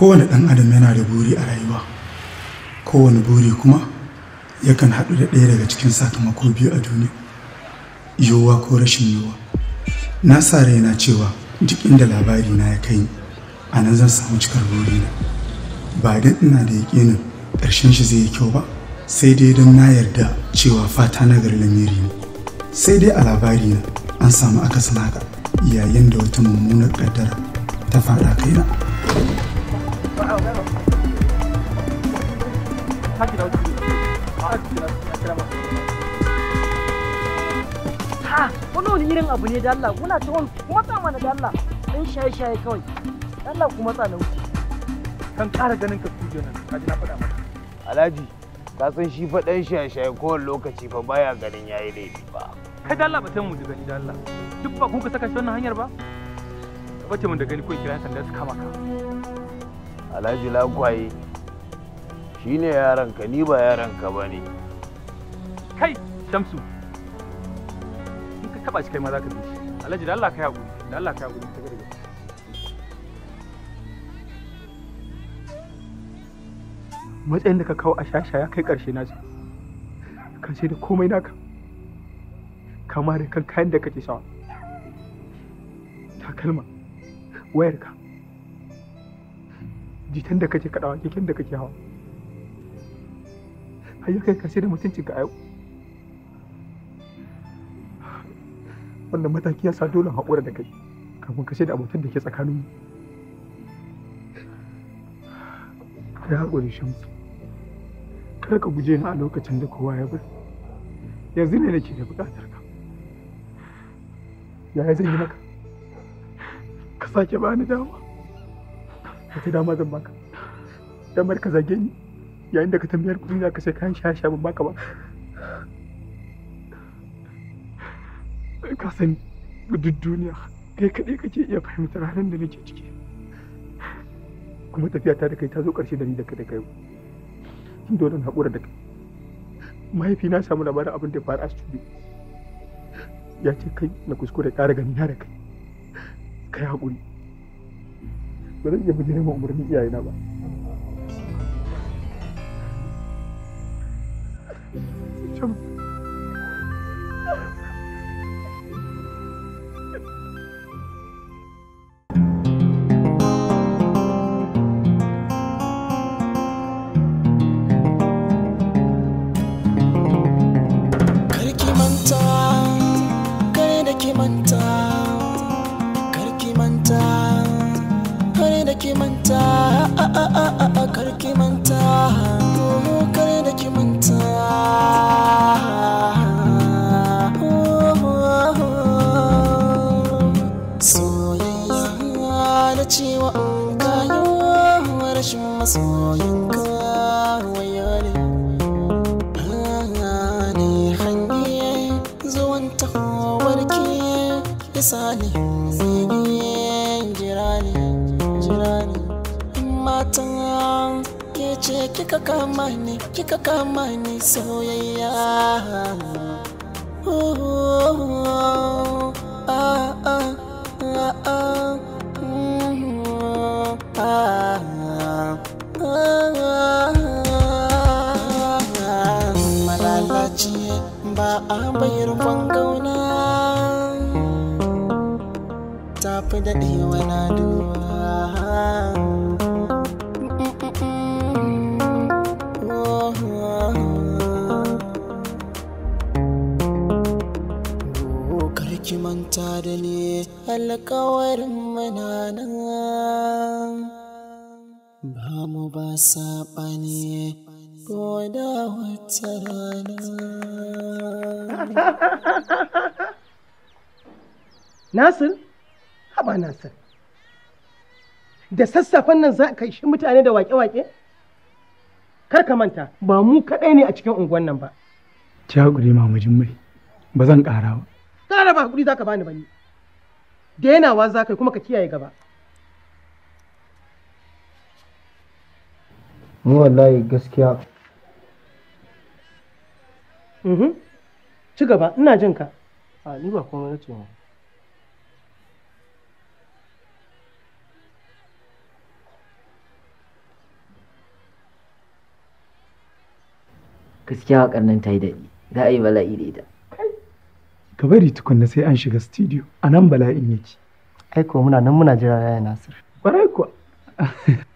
kowane ɗan adam yana da buri a rayuwa kowane buri kuma yakan haɗu da ɗaya daga cikin sakamako biyu a duniya yiwuwa ko rashin yiwuwa na sa raina cewa duk inda labari na ya kai a nan zan samu cikar buri na. ba dan ina da yaƙinin ƙarshen shi zai yi kyau ba sai dai don na yarda cewa fata na gari lamiri ne sai dai a labari na an samu akasin haka yayin da wata mummunar ƙaddara ta faɗa kaina. Ha, wani wani irin abu ne da Allah, kuna ta wani matsa mana da Allah, ɗan shaye-shaye kawai, da Allah ku matsa na wuce. Kan ƙara ganin ka fujo nan, ji na faɗa maka. Alhaji, ka san shi fa ɗan shaye-shaye kowane lokaci fa baya ganin ya yi laifi ba. Kai da Allah ba ta mu da gani da Allah, duk ba kun ka saka shi wannan hanyar ba? Ka bace mun da gani ko kira sanda su kama ka. alhaji lagwaye shi ne yaranka ni ba yaranka ba ne kai shamsu in ka taba shi kai ma za ka bi shi alhaji da allah ka yaƙuri da allah ka yaƙuri ta gari matsayin da ka kawo a shasha ya kai ƙarshe na kan sai da komai naka kama da kan kayan da kake sawa takalma wayarka jitan da kake kaɗawa keken da kake hawa har ya kai karshe da mutuncin ka yau wannan mataki ya sa dole haƙura da kai kafin kashe da abotan da ke tsakaninmu ka haƙuri shamsu kar ka guje ni a lokacin da kowa ya bar yanzu ne nake da buƙatar ka yaya zan yi maka ka sake bani dawa. wata dama zan baka damar ka zage ni yayin da ka tambayar kuɗi za ka sai kayan sha sha ban baka ba ka san duk duniya kai kaɗai kake iya fahimtar halin da nake ciki kuma tafiya ta da kai ta zo ƙarshe da ni da kada kai dole na haƙura da kai mahaifi na samu labarin abin da faru a studio ya ce kai na kuskure ƙara gani na da kai kai haƙuri ba zan iya bijire ma umarnin iyayena ba kika kama ni kika kama ni soyayya malalaci ba a bayar gauna tafi daɗewa na duwa manta da ni alkawarin mananan ba mu ba ko da wata rana nasir haba nasir da sassafen nan za ka shi mutane da wake-wake kar ka manta ba mu kaɗai ne a cikin unguwan nan ba ki haƙuri mamajin mai ba zan ƙara ba ƙara ba hakuri zaka bani bani denawa za ka yi kuma ka kiyaye gaba ni wallahi gaskiya mhm ci gaba ina jin ka a ni ba komai nace ma gaskiya waƙar nan ta yi daɗi za a yi bala'i da ita ka bari tukunna sai an shiga studio a nan bala'in yake aiko muna nan muna jira yaya nasir kwarai kuwa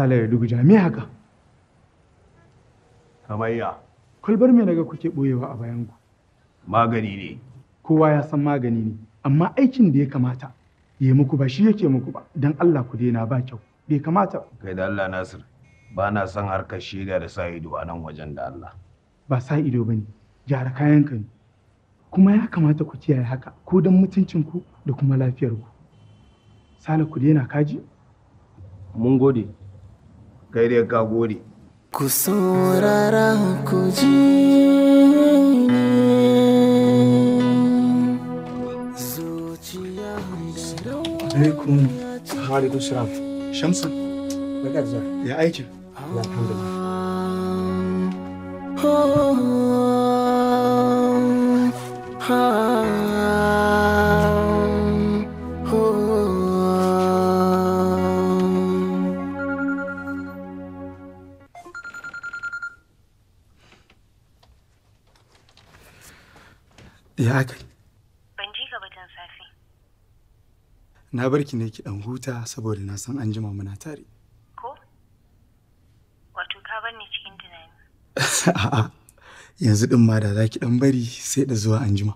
sale ya duguja jami haka kamayya kwalbar me naga kuke boyewa a bayan ku magani ne kowa ya san magani ne amma aikin da ya kamata ya muku ba shi yake muku ba dan Allah ku daina ba kyau bai kamata kai da Allah Nasir ba na son harkar shiga da sa ido a nan wajen da Allah ba sa ido bane gyara kayan ka kuma ya kamata ku kiyaye haka ko dan mutuncin ku da kuma lafiyar ku sale ku daina kaji mun gode kai dai ka gode ku saurara ku ji alaikum alaikum salam shamsu bakar ya alhamdulillah Oh, Hankali. Ban ji ka safi. Na bar ki ne ki dan huta saboda na san an jima muna tare. Ko? Wato ka bar ni cikin tunani. A'a, yanzu ɗin ma da za ki ɗan bari sai da zuwa an jima.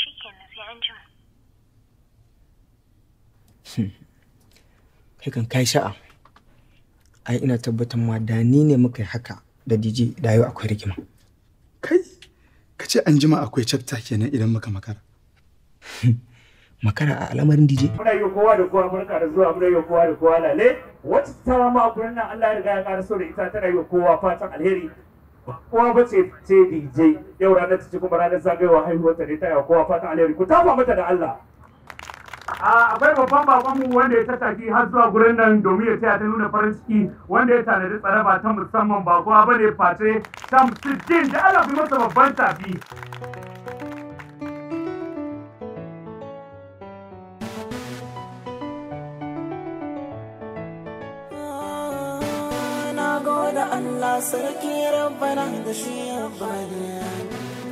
Shikenan sai an jima. Kai kan kai sha'a. Ai ina tabbatar ma da ni ne muka yi haka da DJ da yau akwai rigima. ka ce an jima akwai chapter kenan idan muka makara makara a al'amarin DJ muna yi kowa da kowa barka da zuwa muna yi kowa da kowa lale wata ta ma gurin nan Allah ya riga ya kara so da ita tana yi kowa fatan alheri kowa ba ce ce DJ yau ranar ta ci kuma ranar zagayowa haihuwar ta ne ta yi kowa fatan alheri ku tafa mata da Allah akwai babban babanmu wanda ya tattaki har zuwa gurin nan domin ya taya ta nuna farin ciki wanda ya tanadi ba ta musamman ba kuma ba ne face shamsuddin da ana fi masa babban tafi Allah sarki rabbana da shi rabbana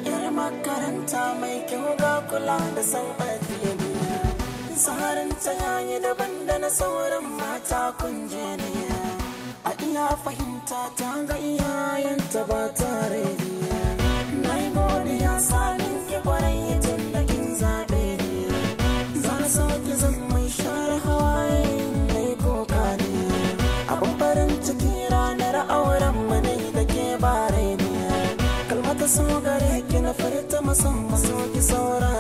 yar makaranta mai kyau ga kula da san tsarin ta yayi daban da na sauran mata kunje ne a iya fahimta ta ga ta ba tare na yi godiya salin ki kwarai tun da kin zaɓe ne za na sauki zan mai share hawaye na yi koka ne abin farin ciki ranar auren mana da ke bare ne kalmata so gare ki na furta musamman so ki saura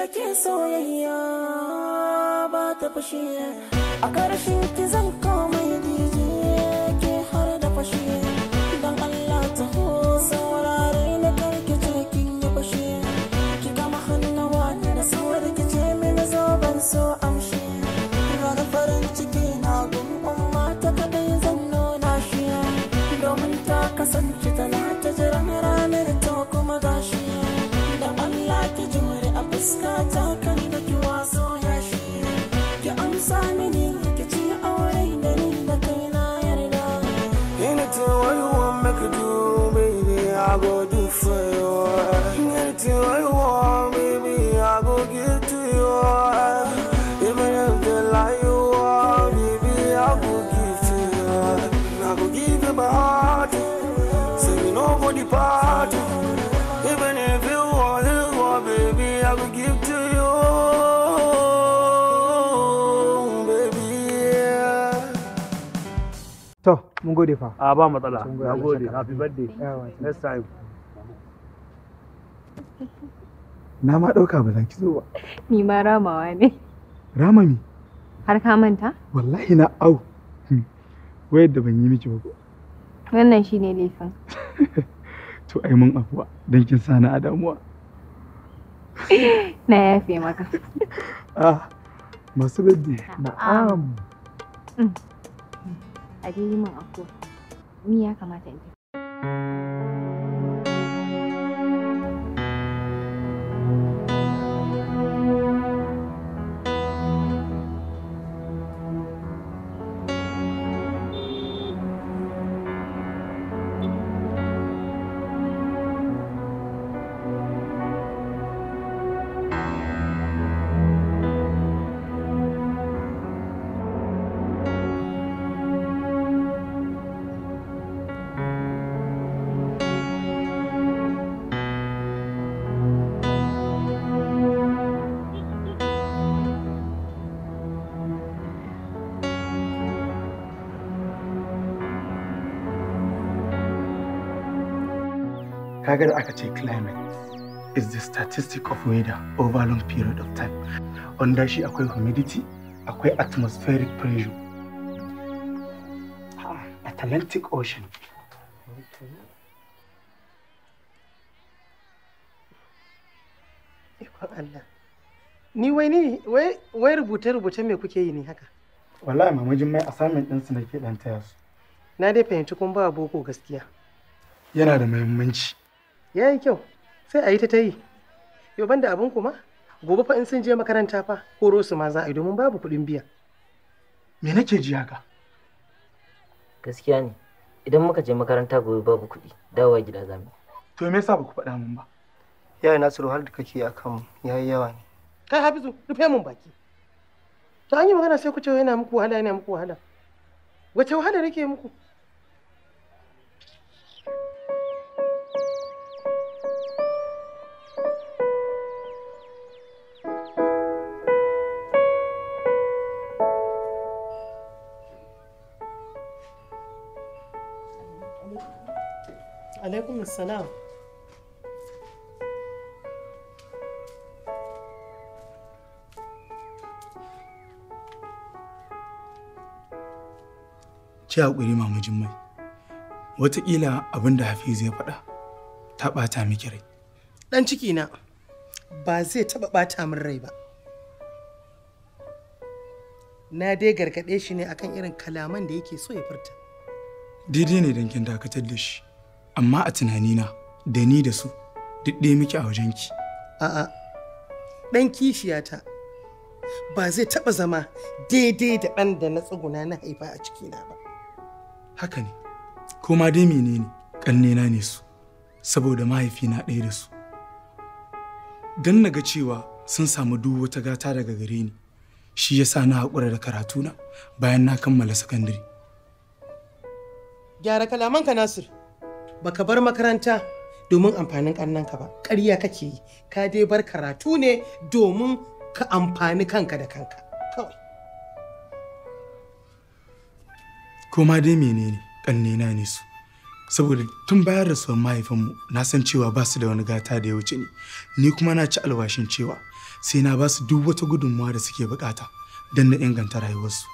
da ke soyayya ba ta fashe a karshen ki zan komai dije ke har da fashe don Allah ta ho saurare na karkice ki yi fashe ki kama hannawa da saurar kice mini zoben ban so amshi ranar farin ciki na gungun mata kaɗai zan nuna shi domin ta kasance tana ta na ranar ta kuma gashi not talking. mun gode fa a ah, ba matsala na gode happy birthday next time na ma ɗauka ba zan ki zo ba ni ma ramawa ne rama mi har ka manta wallahi na au hmm. wayar da ban yi miki ba wannan shine laifin to ai mun afuwa don kin sani a damuwa na yafe maka ah masu birthday na'am mm. a dai yi min afuwa ni ya kamata in tafi kaga da aka ce climate is the statistic of weather over long period of time under shi akwai humidity akwai atmospheric pressure atlantic ocean Ni wai ni wai rubuce-rubuce me kuke yi ni haka? Wallahi mamajin mai assignment din su nake dan taya su. Na dai fahimci kun ba boko gaskiya. Yana da muhimmanci. ya yi kyau sai a yi ta ta yi yau banda abin kuma gobe fa in sun je makaranta fa ko su ma za a yi domin babu kuɗin biya me nake ji haka gaskiya ne idan muka je makaranta gobe babu kuɗi dawowa gida za mu to me yasa baku faɗa mun ba yayi nasiru har da kake akan yayi yawa ne kai hafizu rufe mun baki to an yi magana sai ku ce yana muku wahala yana muku wahala wace wahala nake muku alaikum salam ci haƙuri mama Jummai. wataƙila abin da hafiz ya faɗa ta ɓata miki rai ɗan ciki na ba zai taɓa ɓata min rai ba na dai gargaɗe shi ne akan irin kalaman da yake so ya furta daidai ne don kin dakatar da shi amma a tunanina da ni da su duk ɗaya muke a ki. a'a ɗan kishiyata ba zai taɓa zama daidai da ɗan da na tsuguna na haifa a cikina ba haka ne ko ma dai menene ƙannena ne su saboda mahaifina ɗaya da su don na ga cewa sun samu duk wata gata daga gare ni shi ya sa na haƙura da karatuna bayan na kammala sakandare. Gyara kalamanka Nasir. baka bar makaranta domin amfanin ka ba ƙarya kake yi ka dai bar karatu ne domin ka amfani kanka da kanka kawai koma dai menene ƙannena ne su saboda tun bayar da rasuwar mahaifinmu na san cewa ba su da wani gata da ya wuce ni ni kuma na ci alwashin cewa sai na ba su duk wata gudunmawa da suke bukata don na inganta rayuwarsu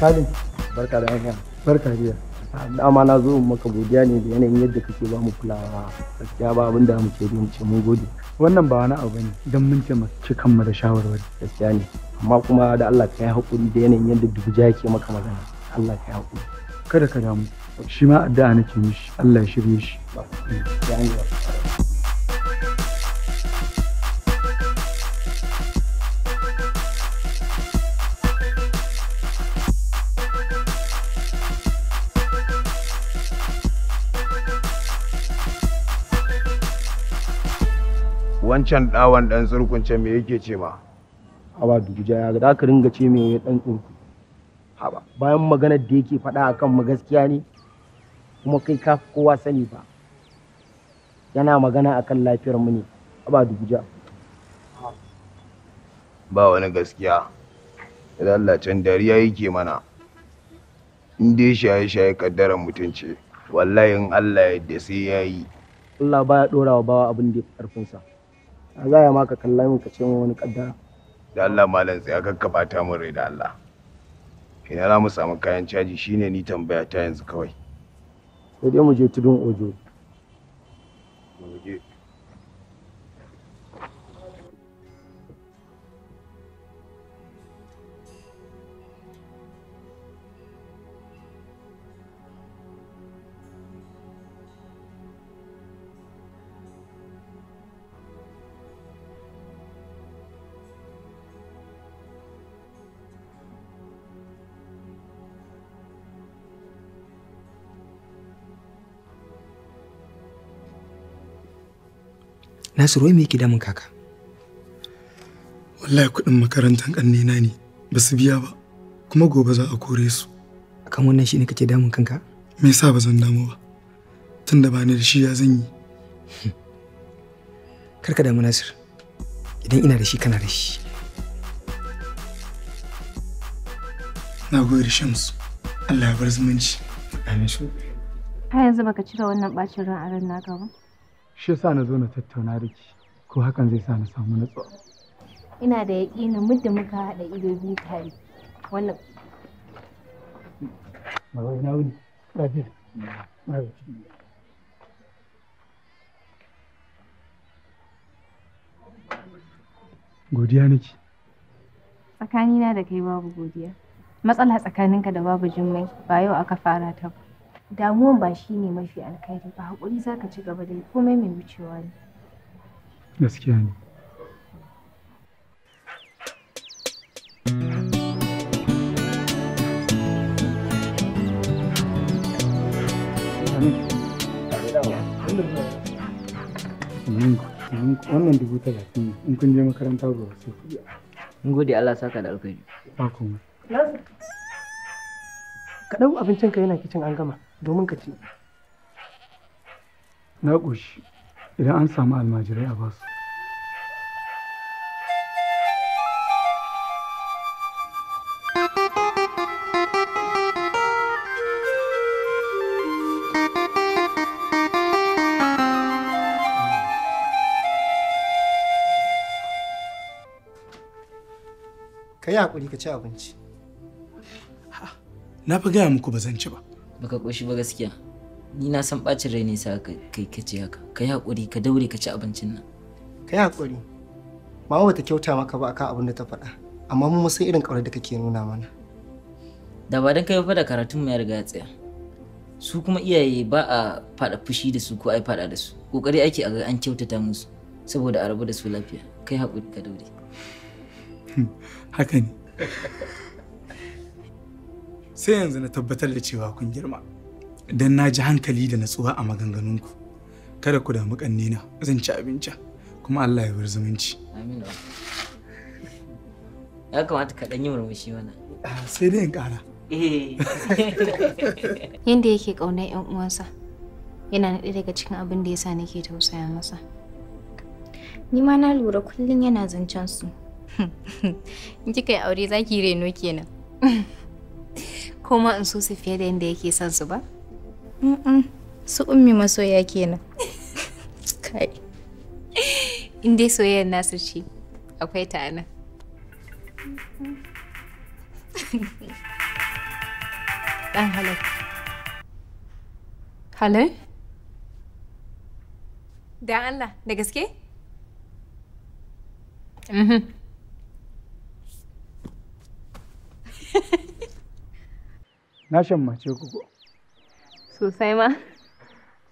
Salim. Barka da hanya. Barka Dama na zo maka godiya ne da yanayin yadda kake ba mu fulawa. Gaskiya ba abin da muke mun ce mun gode. Wannan ba wani abu ne don mun ce mu ci kanmu da shawarwari. Gaskiya ne. Amma kuma da Allah ka yi haƙuri da yanayin yadda dubuja yake maka magana. Allah ka yi haƙuri. Kada ka damu. Shi ma addu'a nake mishi. Allah ya shirye shi. Ba. Ya wancan ɗawan ɗan tsurkunce me yake ce ma haba duguja ya ga ka ringa ce me ya ɗan tsurku haba bayan maganar da yake faɗa akan mu gaskiya ne kuma kai ka kowa sani ba yana magana akan lafiyar mu ne haba duguja ba wani gaskiya idan Allah can dariya yake mana in dai shaye-shaye kaddaran mutunci. wallahi in Allah ya yadda sai ya yi Allah baya ɗora wa bawa abin da ya ƙarfinsa. za ya maka kalla min ka ce min wani kaddara da Allah malam sai ka bata min rai da Allah ina za mu samu kayan caji shine ni tambaya ta yanzu kawai sai dai mu je tudun ojo Nasiru wai me yake damun kaka? Wallahi kuɗin makarantar na ne ba su biya ba kuma gobe za a kore su. Akan wannan shi ne kake damun kanka? Me yasa ba zan damu ba? Tunda ba ni da shi ya zan yi. Karka damu Nasir. Idan ina da shi kana da shi. Na gode Shamsu. Allah ya bar zumunci. Amin shi. yanzu baka cire wannan bacin ran a ran naka ba? shi yasa na zo na tattauna da ki ko hakan zai sa na samu natsuwa ina da yaƙinin muddin muka haɗa ido biyu tare wannan Mawai na wuni, lafiya. Godiya nake. Tsakanina da kai babu godiya. Matsala tsakaninka da babu Jummai ba yau aka fara ta ba. damuwan ba shi ne mafi alkhairi ba haƙuri za ka ci gaba da komai mai wucewa ne gaskiya ne wannan dubu talatin ne in kun je makaranta ba wasu kuɗi in gode Allah saka da alkhairi ba komai ka abincin ka yana kicin an gama domin ka ci na ƙoshi idan an samu almajirai a basu ka yi haƙuri ka ci abinci na fi gaya muku ba zan ci ba baka koshi ba gaskiya ni na san bacin rai ne sa kai ce haka kai hakuri ka daure ka ci abincin nan kai hakuri ba bata kyauta maka ba akan abin da ta faɗa amma mun san irin ƙaunar da kake nuna mana da ba dan kai fa da karatun mu ya riga ya tsaya su kuma iyaye ba a faɗa fushi da su ko ai faɗa da su kokari ake a ga an kyautata musu saboda a rabu da su lafiya kai hakuri ka daure haka ne sai yanzu na tabbatar da cewa kun girma don na ji hankali da natsuwa a maganganunku kada ku damu kannina zan ci abinci kuma Allah ya bar zumunci ya kamata ka ɗan yi murmushi mana. Ah, sai dai in ƙara eh. Yanda yake ƙaunar 'yan uwansa yana ɗaya daga cikin abin da yasa nake tausaya masa ni ma na lura kullum yana zancen su in kika yi aure zaki reno kenan Kuma in so su fiye da yadda yake son su ba? Su ummi masoya kenan. Kai. In dai soyayyar nasu ce, akwai ta nan. Ɗan halar. Halar? Da Allah, da gaske? Mhm. na shammace ku sosai ma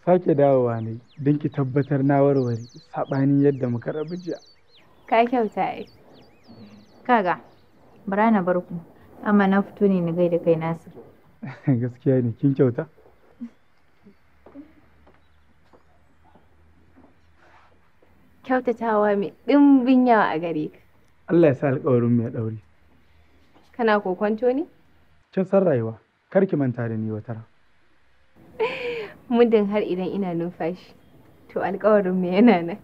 sake dawowa ne don ki tabbatar na warware saɓanin yadda muka rabu jiya ka kyauta ai kaga bara na bar ku amma na fito ne na da kai nasu gaskiya ne kin kyauta kyautatawa mai ɗimbin yawa a gare ka Allah ya sa alƙawarin mai ɗauri kana kokonto ne Can san rayuwa kar ki manta da ni wata muddin har idan ina numfashi to mu yana nan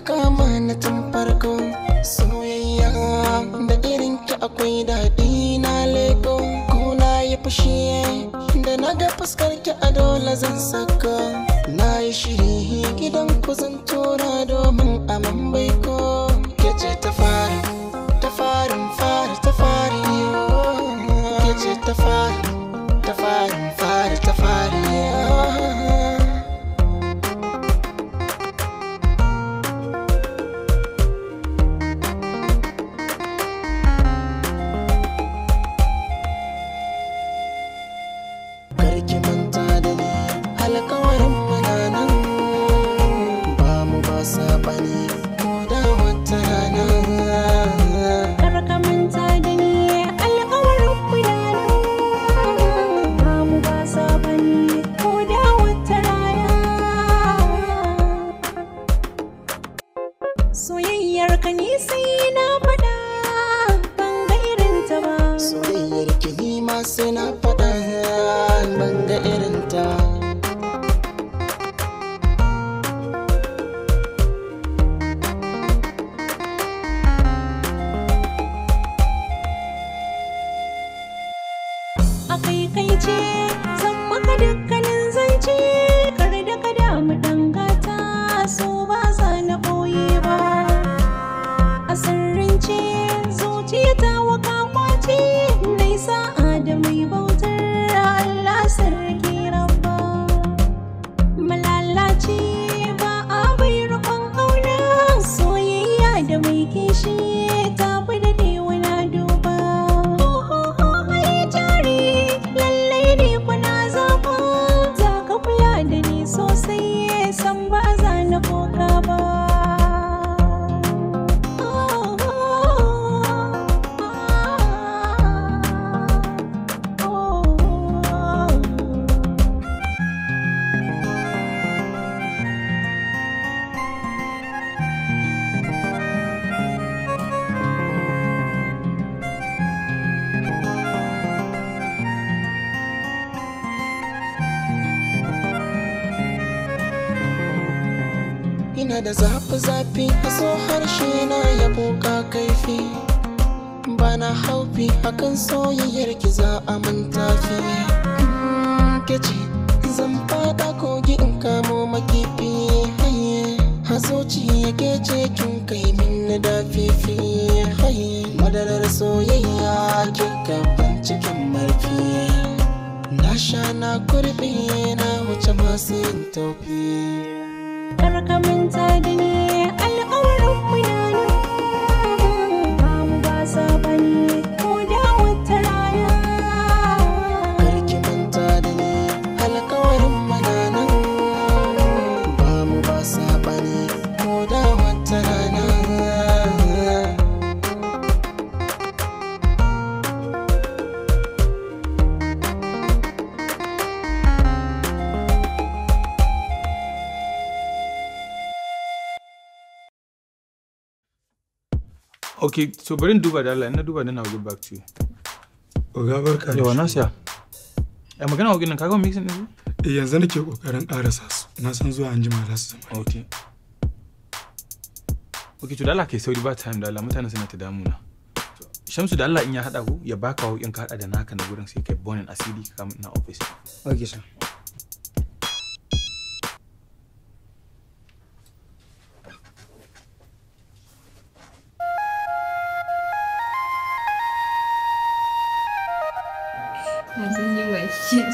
kika kama na tun farko soyayya da irin ki akwai daɗi na leko ko na yi fushi da na ga fuskar ki a dole zan saka na yi shiri gidan ku zan tura dole na haufi akan soyayyar ki za a manta ki mm, kace zan fada kogi in kamo makifi hazoci ya ke ce kin kai min na dafifi madarar soyayya kin gaban cikin marfi na sha na kurbi na wuce masu yin taufi Okay, so bari in duba da Allah, in na duba then I'll get back to you. Oga barka. Yawa na siya. Ya magana wa nan ka gama mixing din? Eh yanzu nake kokarin karasa su. Na san zuwa an jima za su zama. Okay. Okay, to da Allah kai sauri ba time da Allah mutane suna ta damuna. Shamsu da Allah in ya hada ku ya baka hoƙin ka hada da naka na gurin sai kai bonin asiri ka kama ina office. Okay, sir.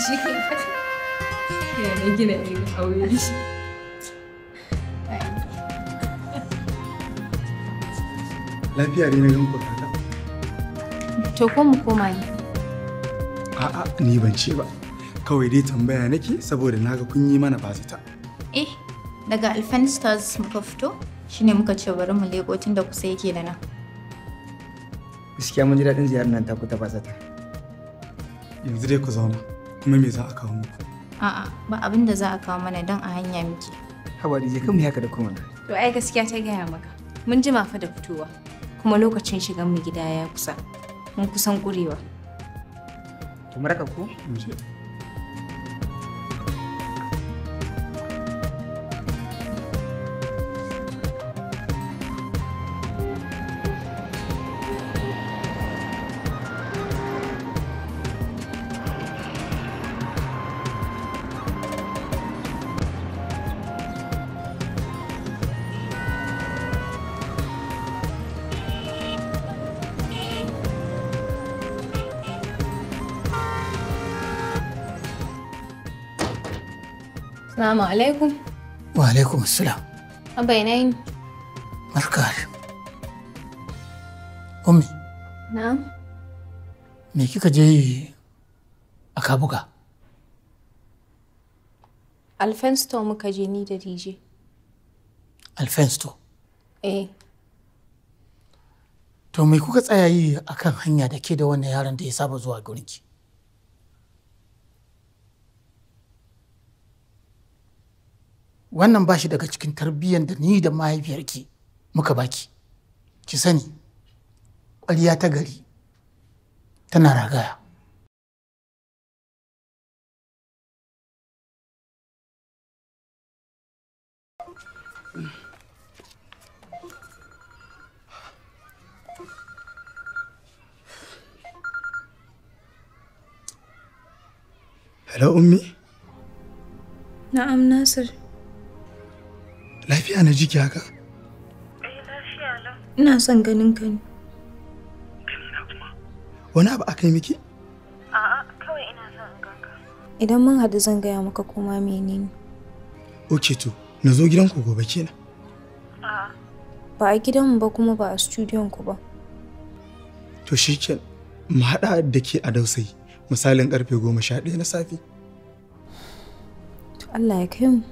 shi kai fata yana gina irin aure lafiya ne na gan ku kaka to ko mu koma ne a'a ni ban ce ba kawai dai tambaya nake saboda naga kun yi mana bazata eh daga alfen stars muka fito shine muka ce bari mu leko tunda kusa yake da nan gaskiya mun ji daɗin ziyarar nan ta taku ta bazata yanzu dai ku zauna kuma me za a kawo muku a'a ba abin da za a kawo mana don a hanya miki Hawa je kan mu haka da kuma to ai gaskiya ta gaya maka mun ji fa da fitowa kuma lokacin shigan mu gida ya kusa mun kusan kurewa to mu raka ko mu je Assalamu alaikum. Wa alaikum assalam. Abba Me kika je yi a Kabuga? Alfensto muka je ni da DJ. Alfensto? Eh. To me kuka tsaya yi akan hanya da ke da wannan yaron da ya saba zuwa gurinki? wannan ba shi daga cikin tarbiyyar da ni da mahaifiyarki muka baki ki sani ƙwariya ta gari tana ragaya Hello, Ummi? Na'am, Nasir. Lafiya na jiki haka? Eh, ina son ganin ka ne. Wani abu aka yi miki? A'a, kawai ina son in ganka. Idan mun haɗu zan gaya maka koma menene. Oke to, na zo gidanku gobe kenan. A'a. Ba a mu ba kuma ba a studiyon ku ba. To shi ke, mu haɗa da ke a dausayi, misalin ƙarfe goma sha ɗaya na safe. To Allah ya kai mu.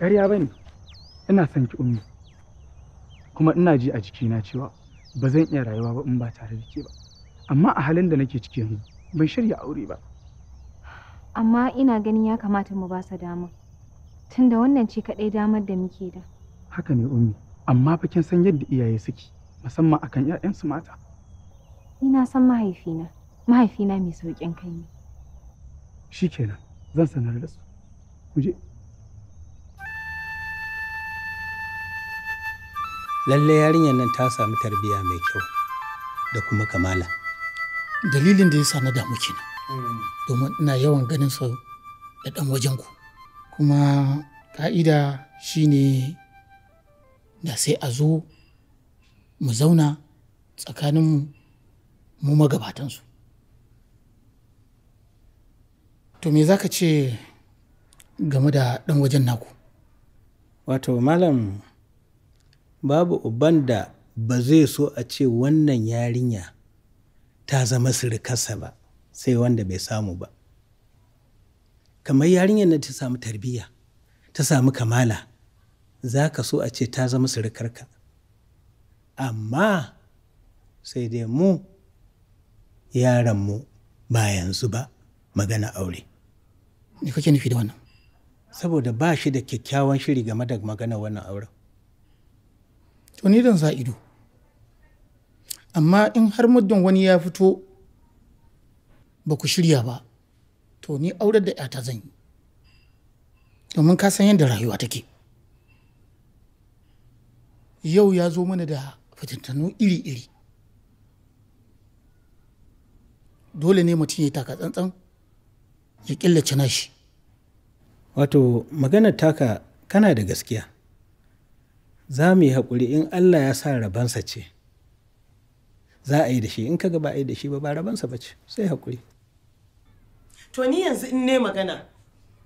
ƙarya bane ina son ki ummi kuma ina ji a jikina cewa ba zan iya rayuwa ba in ba tare da ke ba amma a halin da nake ciki yanzu ban shirya aure ba amma ina ganin ya kamata mu ba sa dama tunda wannan ce kaɗai damar da muke da haka ne ummi amma fa kin san yadda iyaye suke musamman akan 'ya'yansu mata ina san mahaifina mahaifina mai sauƙin kai ne shikenan zan sanar da su ku je lallai yarinyar nan ta samu tarbiyya mai kyau da kuma kamala dalilin da ya sa na damu kenan mm. domin ina yawan ganin su da dan wajen ku kuma ka'ida shine da sai a zo mu zauna tsakanin mu magabatansu to me za ka ce game da ɗan wajen naku wato malam babu uban da ba zai so a ce wannan yarinya ta zama sirikarsa ba sai wanda bai samu ba kamar yarinyar na ta samu tarbiyya ta samu kamala za ka so a ce ta zama sirikarka amma sai dai mu yaranmu ba yanzu ba magana aure ne kake nufi da wannan saboda ba shi da kyakkyawan shiri game da magana wannan auren to ni dan sa ido amma in har muddin wani ya fito ba ku shirya ba to ni aurar da 'yata zan yi domin ka san yadda rayuwa take yau ya zo mana da fitintanu iri-iri dole ne mutum ya taka tsantsan ya killace nashi wato maganar taka kana da gaskiya za mu yi haƙuri in Allah ya sa rabansa ce za a yi da shi in kaga ba a yi da shi ba ba rabansa ba ce sai haƙuri to ni yanzu in ne magana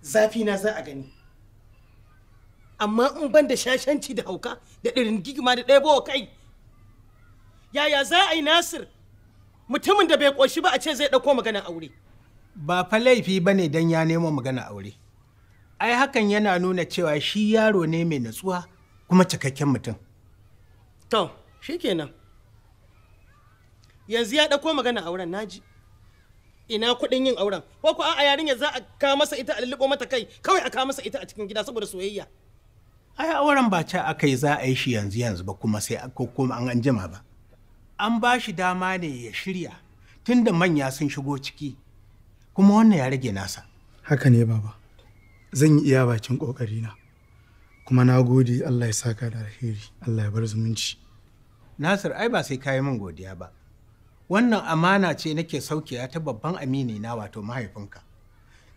zafi na za a gani amma in ban da shashanci da hauka da ɗirin gigima da ɗaya bawa kai yaya za a yi nasir mutumin da bai ƙoshi ba a ce zai ɗauko magana aure ba fa laifi ba ne don ya nemo magana aure ai hakan yana nuna cewa shi yaro ne mai natsuwa kuma cikakken mutum to kenan. yanzu ya ɗauko magana auren naji ina kuɗin yin auren ko ku a yarinya za a ka masa ita a lulluɓo mata kai kawai a ka masa ita a cikin gida saboda soyayya ai auren ba ca aka za a yi shi yanzu yanzu ba kuma sai ko kuma an an jima ba an ba shi dama ne ya shirya tunda manya sun shigo ciki kuma wannan ya rage nasa haka ne baba zan yi iya bakin ƙoƙarina kuma na gode Allah ya saka da alheri Allah ya bar zumunci Nasir ai ba sai kayi min godiya ba wannan amana ce nake saukiya ta babban amini na wato mahaifinka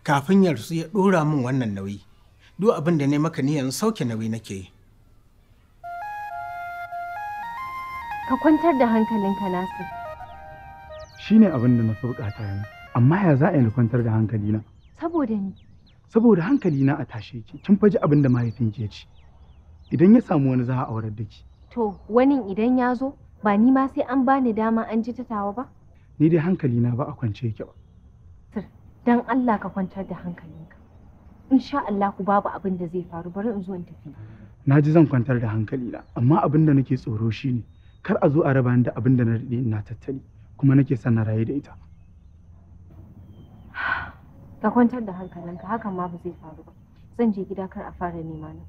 kafin ya ya dora min wannan nauyi duk abin da ne maka niyan sauke nauyi nake yi ka kwantar da hankalinka Nasir shine abin da na sauka ta yanzu amma ya za a yi kwantar da hankalina saboda ni saboda hankali na a tashe ki kin faji abin da mahaifin ke ci idan ya samu wani za a aurar da ki to wani idan ya zo ba ni ma sai an bani dama an ji tawa ba ni dai hankali na ba a kwance yake ba sir dan Allah ka kwantar da hankalinka insha Allah ku babu abin da zai faru bari in zo in tafi na ji zan kwantar da hankali na amma abin da nake tsoro shine kar a zo a raba ni da abin da na daɗe ina tattali kuma nake son na rayu da ita ka kwantar da hankalinka hakan ma ba zai faru ba zan je gida kar a fara nema na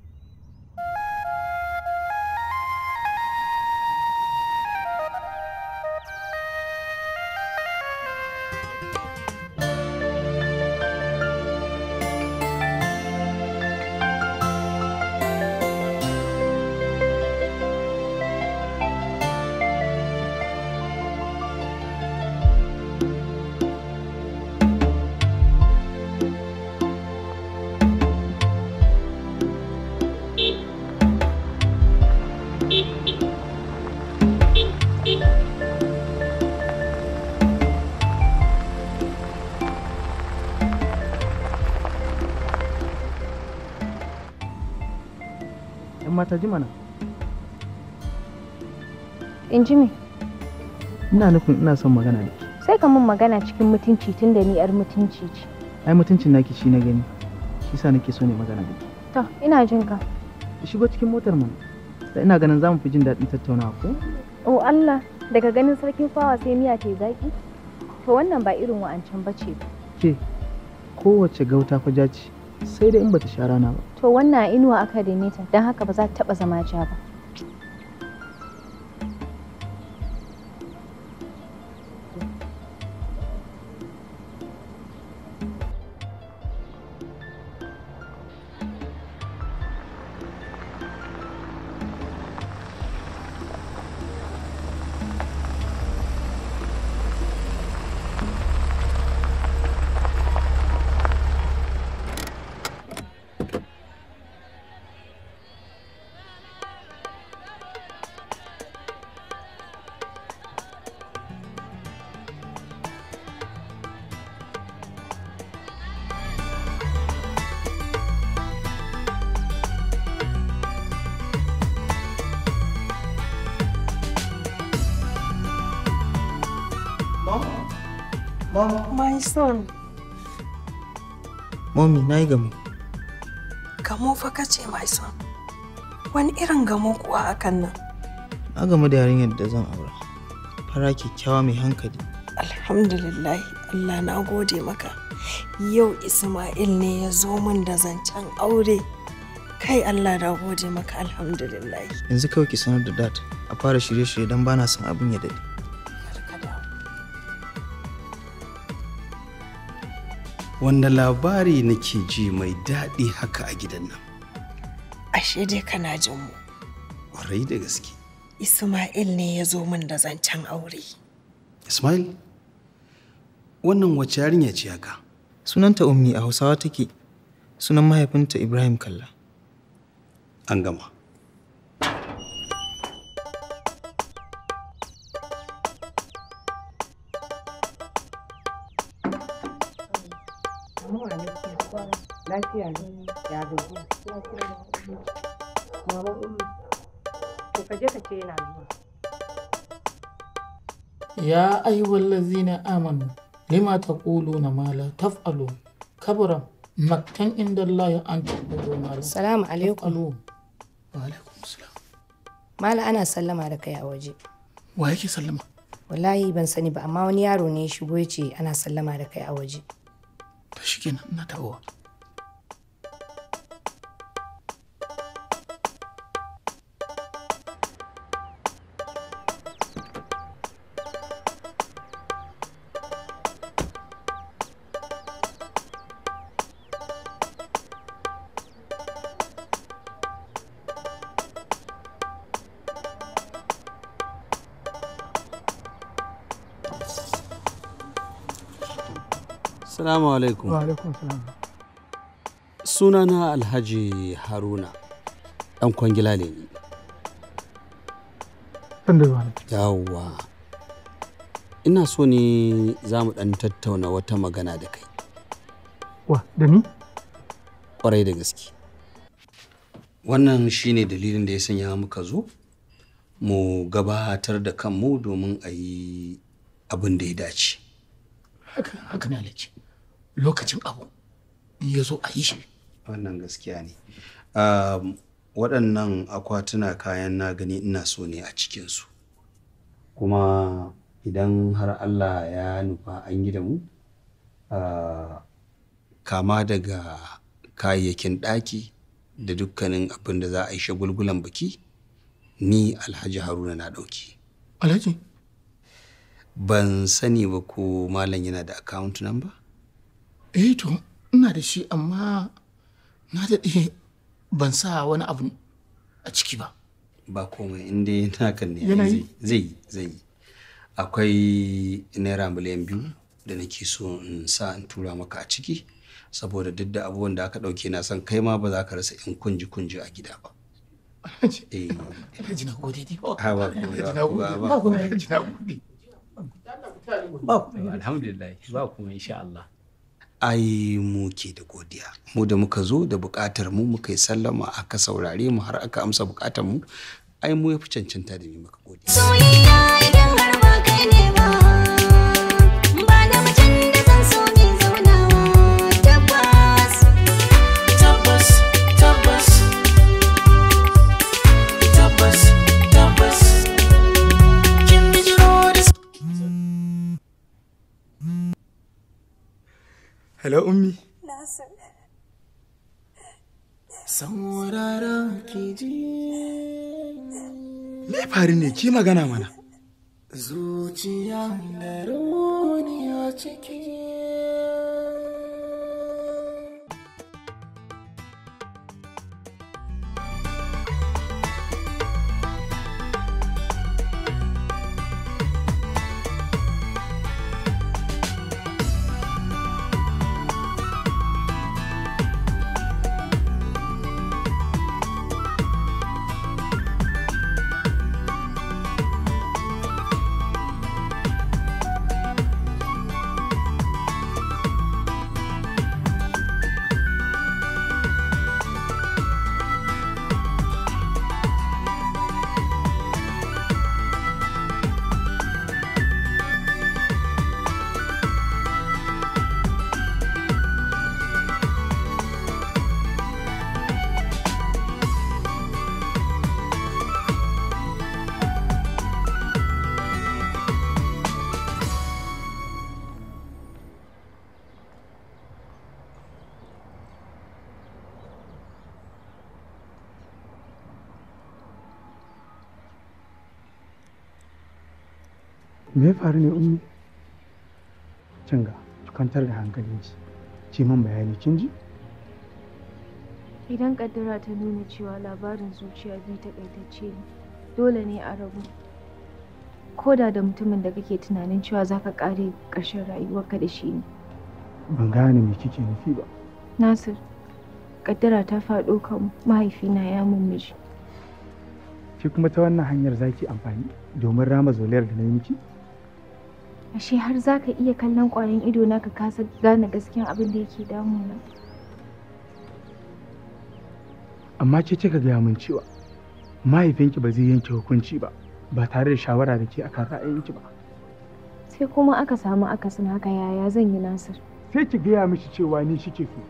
ta ji mana in ji me ina nufin ina son magana da ke sai ka min magana cikin mutunci tun da ni yar mutunci ce ai mutuncin naki shi na gani shi sa nake so ne magana da ke to ina jin ka shigo cikin motar mu da ina ganin zamu fi jin daɗin tattaunawa ko oh Allah daga ganin sarkin fawa sai miya ke zaki to wannan ba irin wa'ancan bace ba ke kowace gauta fa jaci. ce sai dai in bata sha rana ba to wannan a inuwa aka daine ta don haka ba za ta taɓa zama ja ba son. Mommy, na yi gamo. Gamo fa ka ce mai son. Wani irin gamo kuwa akan nan? Na gamu da yarinyar da zan aura. Fara kyakkyawa mai hankali. Alhamdulillah, Allah na gode maka. Yau Ismail ne ya zo min da zancen aure. Kai Allah na gode maka alhamdulillah. Yanzu kawai ki sanar da dat a fara shirye-shirye don bana son abin ya dade. wanda labari nake ji mai daɗi haka a gidan nan ashe dai kana jin mu ƙwarai da gaske isma'il ne ya zo min da zancen aure isma'il wannan wacce yarinya ce haka sunanta ummi a hausawa take sunan mahaifinta ibrahim kalla an gama lafiya ne ya gaji mama ulu to ka je ka ce yana zuwa ya ayyuhal lazina amanu lima taquluna ma la taf'alun kabura maktan inda Allah an taqulu ma la salamu alaikum wa alaikum salam mala ana sallama da kai a waje wa yake sallama wallahi ban sani ba amma wani yaro ne shigo ya ce ana sallama da kai a waje to shikenan ina tawowa Assalamu alaikum. Wa alaikum salam. Sunana Alhaji Haruna, ɗan kwangila ne ni. Yawwa. Ina so ne za mu ɗan tattauna wata magana da kai. Wa, da ni? Ƙwarai da gaske. Wannan shi ne dalilin da ya sanya muka zo, mu gabatar da kanmu domin a yi abin da ya dace. Haka, haka na lokacin abu in ya zo a yi shi wannan gaskiya ne waɗannan akwatuna kayan na gani ina so ne a cikin su. kuma idan har allah ya nufa an yi da mu kama daga kayayyakin ɗaki da dukkanin abin da za a yi shagulgulan biki ni alhaji haruna na ɗauki alhaji ban sani ba ko malam yana da account number eh to ina da shi amma na daɗe ban sa wani abu a ciki ba ba komai inda yana kan ne zai zai yi akwai naira miliyan biyu da nake so in sa in tura maka a ciki saboda duk da abubuwan da aka ɗauke na kai ma ba za ka rasa in kunji kunji a gida ba eh. ba kuma insha Allah ai mu ke da godiya mu da muka zo da buƙatar mu muka yi sallama aka saurare mu har aka amsa bukatar mu ai mu ya fi cancanta da mu maka godiya Hello, Ummi. Nasir. Saurara ki ji. Me faru ne ki magana mana? Zuciya da roniya ciki. me ya faru ne ummi ga, ki kwantar da hankalinki ki man bayani kin ji idan kaddara ta nuna cewa labarin zuciya biyu ƙaitacce ne dole ne a rabu ko da da mutumin da kake tunanin cewa za ka ƙare ƙarshen rayuwarka da shi ne ban gane me kike nufi ba nasir kaddara ta faɗo kan mahaifina ya miji. ki kuma ta wannan hanyar zaki amfani domin rama zoliyar da na yi miki ashe har za ka iya kallon ƙwayan ido na ka kasa gane gaskiyan abin da yake damuna amma ke kika gaya min cewa mahaifinki ba zai yanke hukunci ba ba tare da shawara da ke akan ra'ayinki ba sai kuma aka samu akasin haka yaya zan yi nasir sai ki gaya mishi cewa ni shi ke so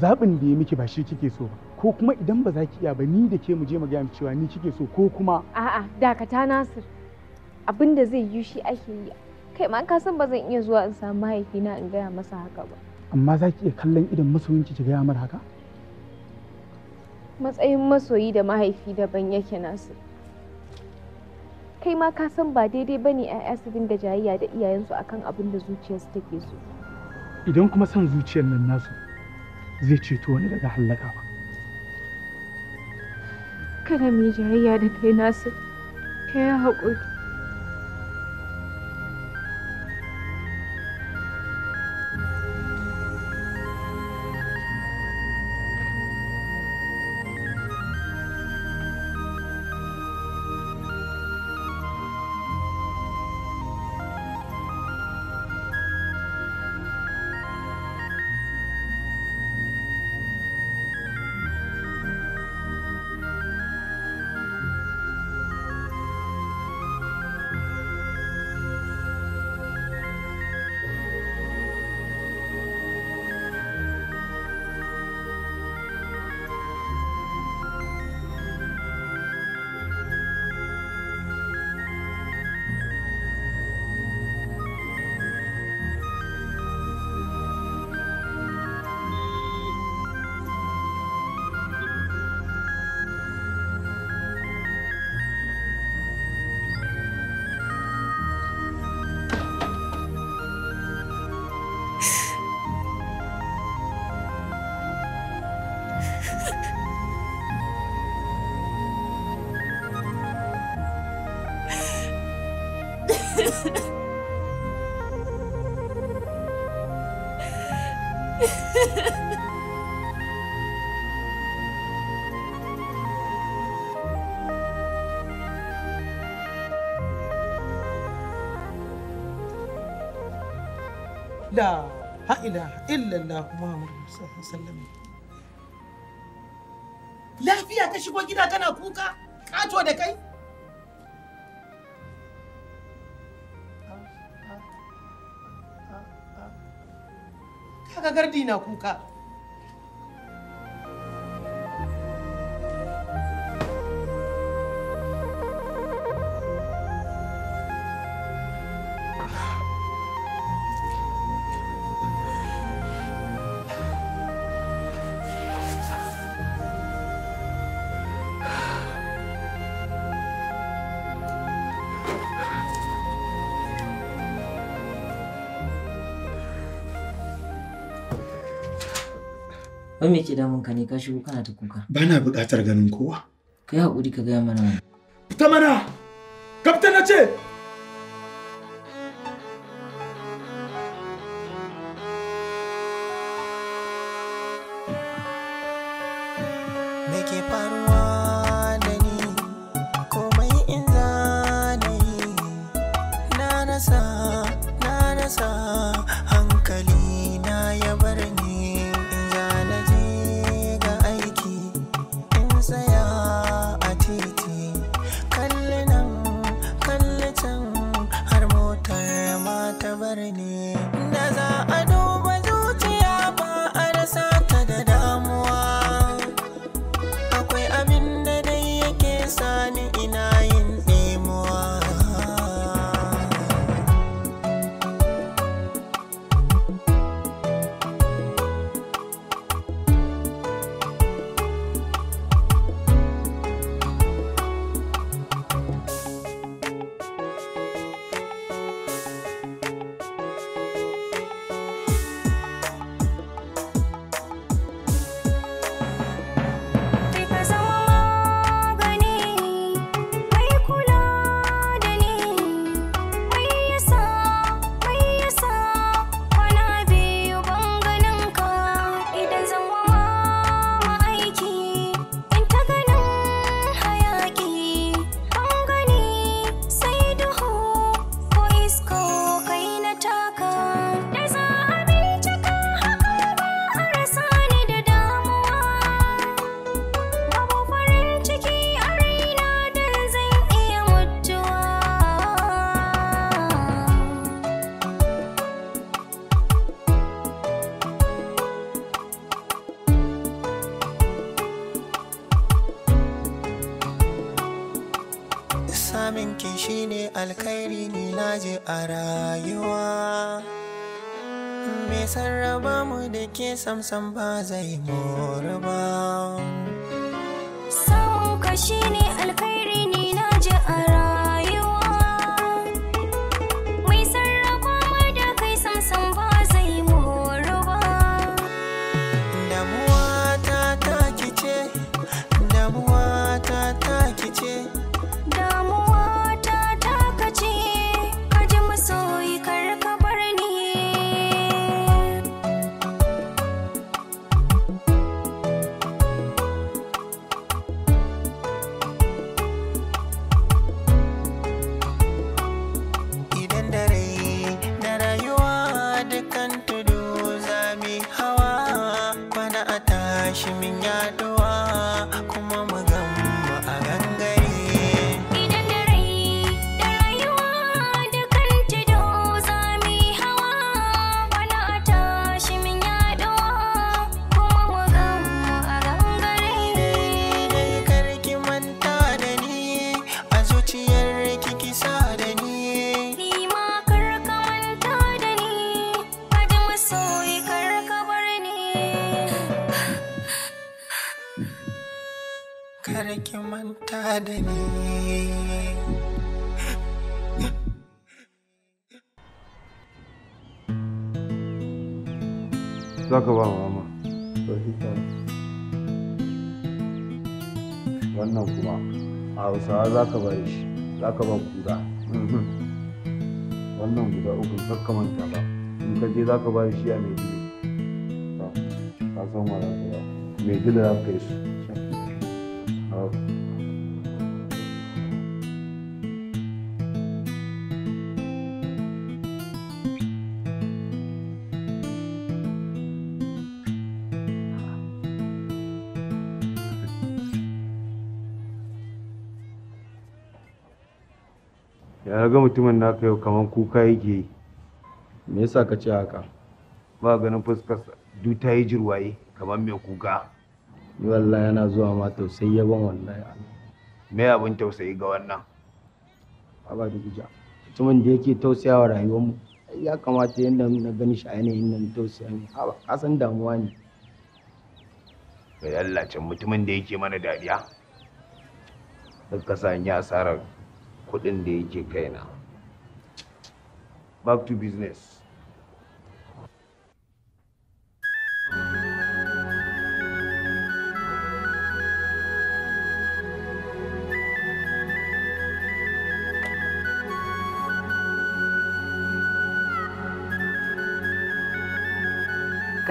zaɓin da ya miki ba shi kike so ba ko kuma idan ba za ki iya ba ni da ke mu je mu gaya mishi cewa ni kike so ko kuma a'a dakata nasir abin da zai yi shi ake yi kai ma ka san ba zan iya zuwa in samu mahaifina in gaya masa haka ba amma za ki iya kallon idan masoyinki ki gaya mara haka matsayin masoyi da mahaifi daban yake nasu kai ma ka san ba daidai ba ne 'ya'ya su dinga jayayya da iyayensu akan abin da zuciyarsu take so idan kuma son zuciyar nan nasu zai ceto wani daga hallaka ba kada mai jayayya da kai nasu ka yi haƙuri la ha illallah muhammadu sallallahu lafiya ta shigo gida tana kuka kato da kai kaga gardi na kuka Wai me ke damun ka ne ka shigo kana ta kuka? Ba na buƙatar ganin kowa. Kai haƙuri ka gaya mana. Fita mana! Kaftan na ce! samsam ba zai moru ba za ka ba shi za ka ba kura wannan guda uku kakkamanta ba in ka je za ka ba shi a mai ba ka san wa za ka ba mai dila za ka yi su na ga mutumin naka yau kamar kuka yake yi me yasa ka ce haka ba ganin fuskarsa duk ta yi jirwaye kamar mai kuka ni wallahi yana zuwa ma tausayi ya ban wallahi me abin tausayi ga wannan aba da gija mutumin da yake wa rayuwar mu ya kamata yadda na gani shi a yanayin nan tausaya ne ka san damuwa ne ga Allah mutumin da yake mana dariya duk kasan ya asarar kuɗin da yake kaina back to business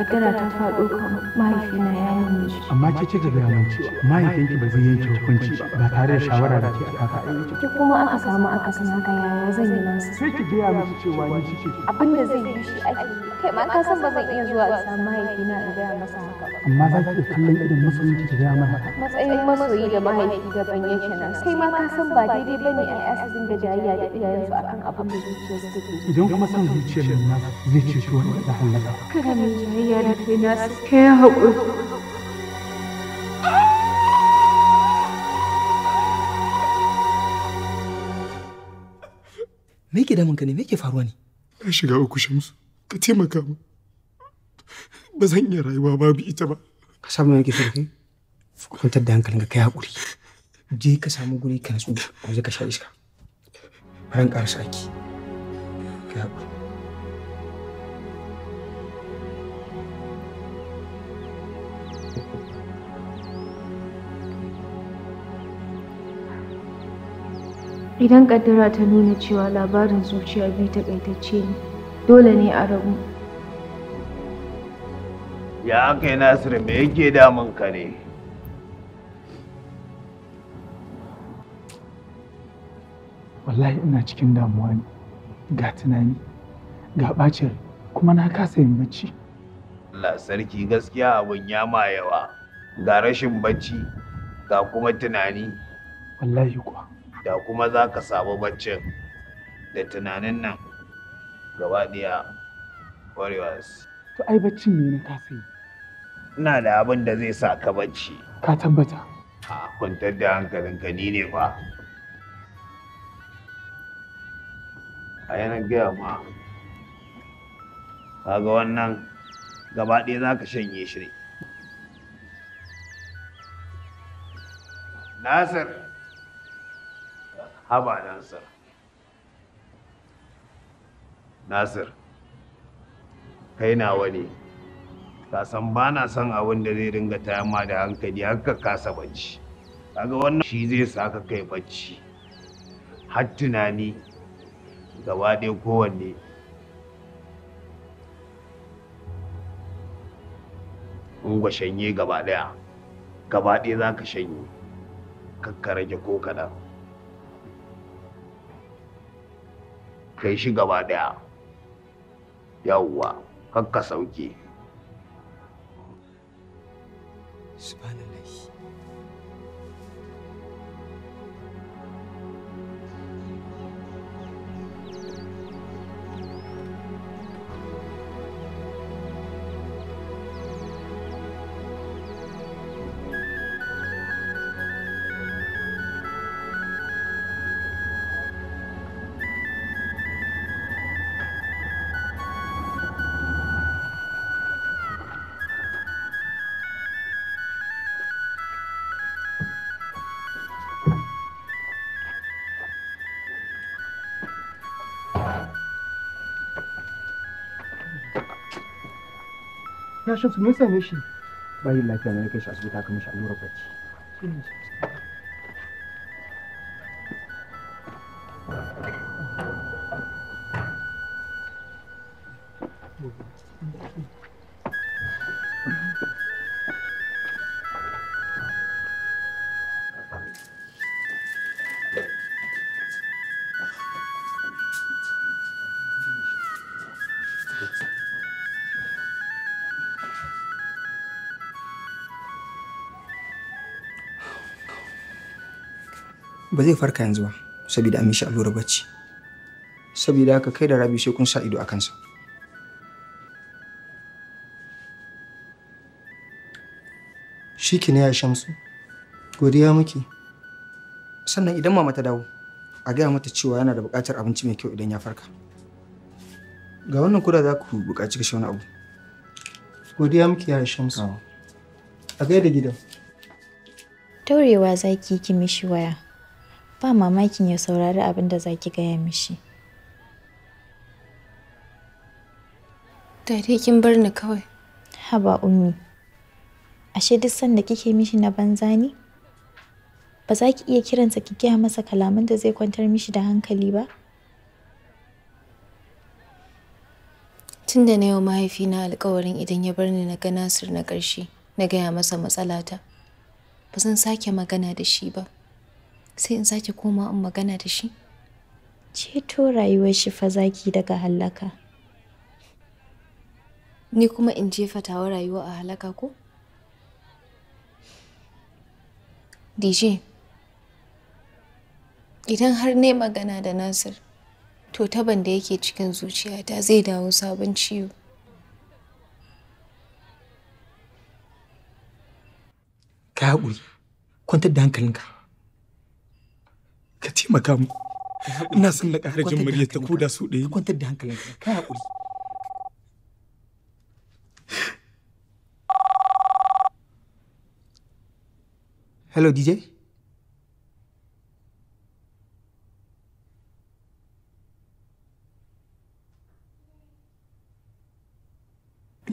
kaddara ta faɗo kan mahaifina ya yi miji. Amma ke kika gaya min cewa mahaifinki ba zai yanke hukunci ba tare da shawara da ke aka ka Ki kuma aka samu akasin haka yaya zan yi nasa. Sai ki gaya masa cewa ni kike. Abin da zai yi shi ake kai ma ka san ba zan iya zuwa a samu mahaifina in gaya masa haka ba. Amma za ki iya kallon irin masoyi ki gaya mana. Matsayin masoyi da mahaifi ban yake nan. Kai ma ka san ba daidai ba ne a yi asirin da jariya da iyayensu akan abin da zuciyarsu take. Idan kuma son zuciyar nan zai ceto wani da halaka. Kada mai jariya gaskiya da haƙuri me ke damunka ne me ke faruwa ne na shiga uku shamsu ka taimaka mu ba zan iya rayuwa babu ita ba ka samu yake so kai kwantar da hankalinka kai haƙuri je ka samu guri ka natsu waje ka sha iska bayan ƙarasa aiki kai haƙuri Idan ƙaddara ta nuna cewa labarin zuciya biyu takaitacce ne, dole ne a rabu. Ya kai Nasir me yake damun ka ne? Wallahi ina cikin damuwa ne, ga tunani, ga ɓacin kuma na kasa yin bacci. Allah sarki gaskiya abin ya ma yawa, ga rashin bacci, ga kuma tunani. Wallahi kuwa. da kuma za ka samu baccin da tunanin nan gaba ɗaya ƙwarewa to ai baccin me na kasa yi ina da abin da zai sa ka bacci ka tabbata a kwantar da hankalinka ni ne fa a yanar gaya ma kaga wannan gaba ɗaya za ka shanye shi ne nasir haba nasir nasir kai nawa ne ka san ba na son abin da zai dinga tayama da hankali har ka kasa bacci kaga wannan shi zai saka kai bacci har tunani gaba ɗaya kowanne in shanye gaba ɗaya gaba ɗaya za ka shanye kakka rage ko kaɗan kai shi gaba daya yawwa kakka sauke subhanallah ya shamsu mun ne shi bayin lafiya ne kai shi asibiti aka mishi allurar bacci zai farka yanzu ba saboda an mishi allurar bacci saboda haka kai da rabi sai kun sa ido a kansa shi ki ne ya shamsu godiya muke sannan idan mama ta dawo a gaya mata cewa yana da buƙatar abinci mai kyau idan ya farka ga wannan kuda za ku buƙaci kashe wani abu godiya muke ya shamsu a gaida gidan taurewa zaki ki mishi waya ba mamakin ya saurari abin da za ki gaya mishi. Da kin bar ni kawai. Haba ummi. Ashe duk sanda kike mishi na banza ne? Ba za ki iya kiransa ki gaya masa kalaman da zai kwantar mishi da hankali ba? Tun da na yau mahaifina alkawarin idan ya bar ni na ga Nasir na ƙarshe, na gaya masa matsalata. Ba zan sake magana da shi ba. sai in sake koma in magana da shi ceto rayuwar shi fa zaki daga halaka ni kuma in jefa tawa rayuwa a halaka ko dj idan har ne magana da nasir to taban da yake cikin zuciyata zai dawo sabon ciwo ka haƙuri kwantar da hankalinka ka taimaka mu ina son na ƙara jin muryar ta koda su ɗaya kwantar da hankalinka kai haƙuri hello dj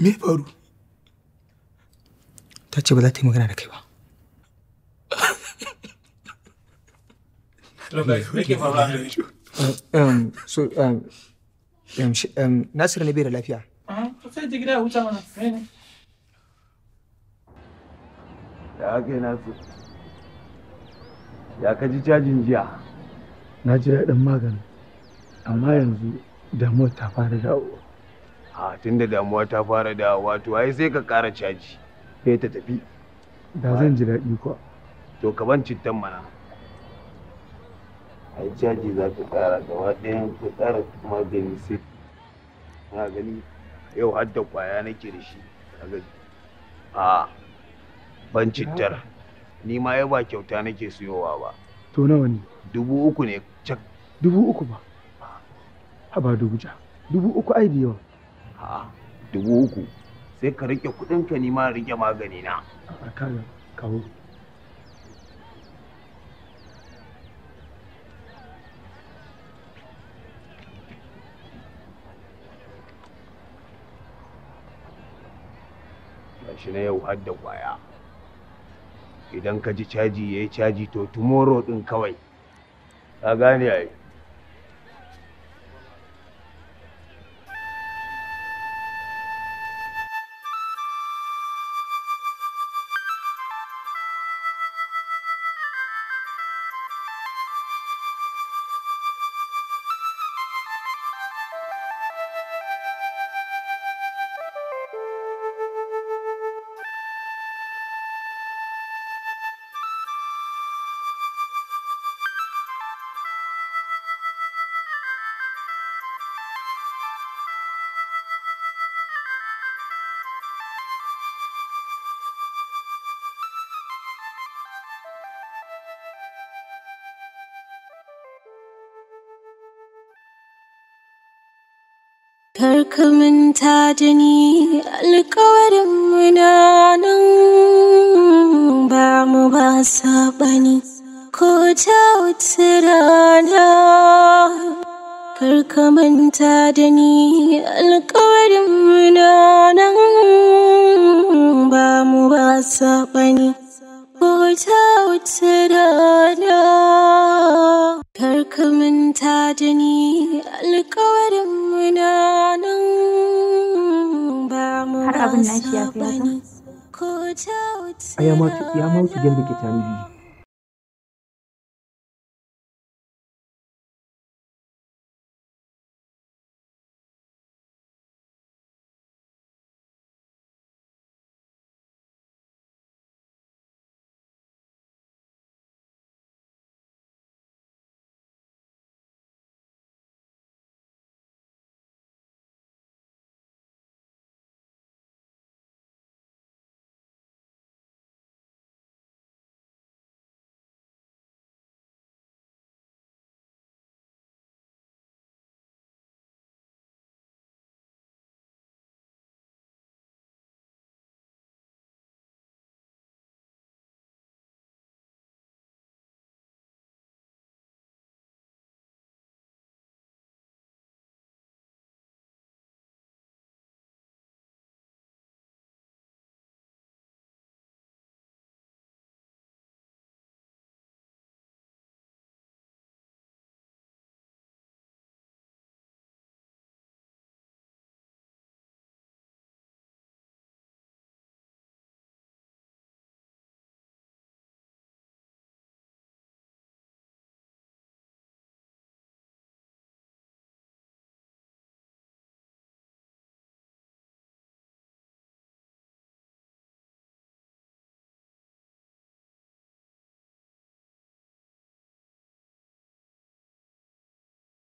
me faru ta ce ba za ta yi magana da kai ba Nasir da Nasiru ne bai da lafiya. ya huta mana. Da aka Ya ka ji cajin jiya? Na ji daɗin magani. Amma yanzu damuwa ta fara dawowa. A tunda damuwa ta fara dawowa to ai sai ka ƙara caji. Sai eh, ta tafi. Da zan ji daɗi kuwa. To ka ban cittan mana. a yi caji za ka kara gaba ɗayan kara magani sai na gani yau har da kwaya nake da shi a ban cittar ni ma yaba ba kyauta nake siyowa ba to nawa ne dubu uku ne cak dubu uku ba haba dubu ja dubu uku ai da yawa a dubu uku sai ka rike ka ni ma rike magani na kawo gashi na yau har da kwaya idan ka ji caji ya yi caji to tomorrow ɗin kawai ka gane ai jini alkawarin muna nan ba mu ba saɓani ko ta wuce rana karka manta da ni alkawarin muna nan ba mu ba saɓani ko ta wuce rana karka manta da ni alkawarin muna abin ya fi haka. A ya